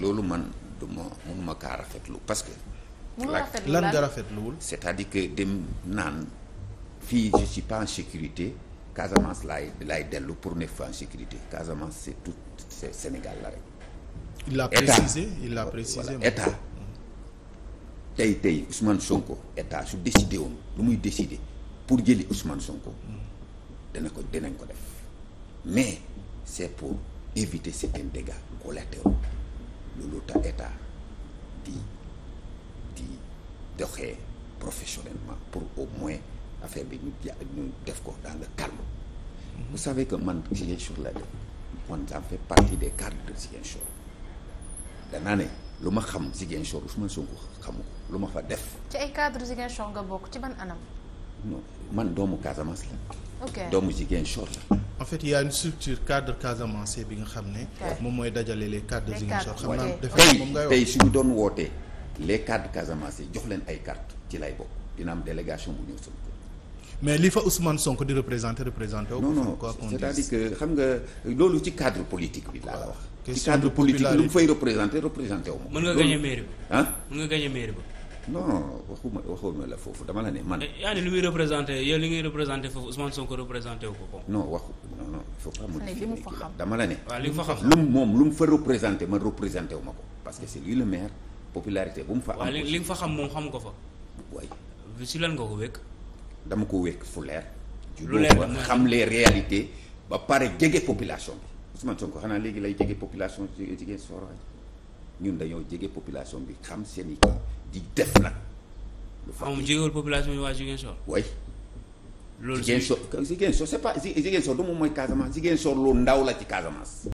loolu man du ma mënuma kaa rafetlu parce que. lan nga rafetluwul c'est-à-dire que dem naan fii je suis pas en sécurité Casamance laay dellu pour ne fa en sécurité Casamance c'est tout Sénégal la rek. il l'a précisé il l'a précisé état tey tey Ousmane Sonko état su décidé woon lu muy décidé pour jëli Ousmane Sonko. dana ko dinañ ko def mais c'est pour éviter certains dégâts collatéraux. état di di doxee professionnellement pour au moins affaire bi ñu ñu def ko dans le calme. Mhm. vous savez que man Ziguinchor la def man j'en fais partie des cadres de Ziguinchor danaa ne lu ma xam Ziguinchor Ousmane Sonko xamu ko lu ma fa def. ci ay cadres Ziguinchor nga bokk ci ban anam. non man doomu Casamance la. ok doomu Ziguinchor la. fait il y a une structure Casamance bi nga xam ne. moom mooy dajale les cadres yi nga xam ne tey tey su ñu doon wootee les cadres Casamance yi jox leen ay carte ci lay bokk dina am délégation bu ñëw Sonko. mais li fa Ousmane Sonko di représenté représenté. non non c'est-à-dire que xam nga loolu ci cadre politique bi laa la wax. ci cadre politique lu mu fay représenté représenté wu ma. mën nga gagné mairie ba. ah mën nga gagné mairie ba. non waxuma waxuma la foofu dama la ne man. Eh, yaa ni lu muy représenté yow li ngay représenté foofu Ousmane Sonko représenté wu ko. non waxu non non il faut pas mu. ne. moom lu mu fa représenté man représenté wu ma ko parce que c'est lui le maire popularité bu fa. am li nga fa xam moom xam ko fa. waay. si lan nga ko wékk. dama ko wékk fu leer. lu leer xam les réalité ba pare jege population bi Ousmane Sonko xanaa léegi lay jege population jigéen sooraay. ñun dañoo jege population bi xam seen i di def nag. lu fa moom jegewul population bi waa Ziguinchor. way loolu Ziguinchor Ziguinchor c'est pas Ziguinchor du moom mooy Casamance Ziguinchor loolu ndaw la ci Casamance.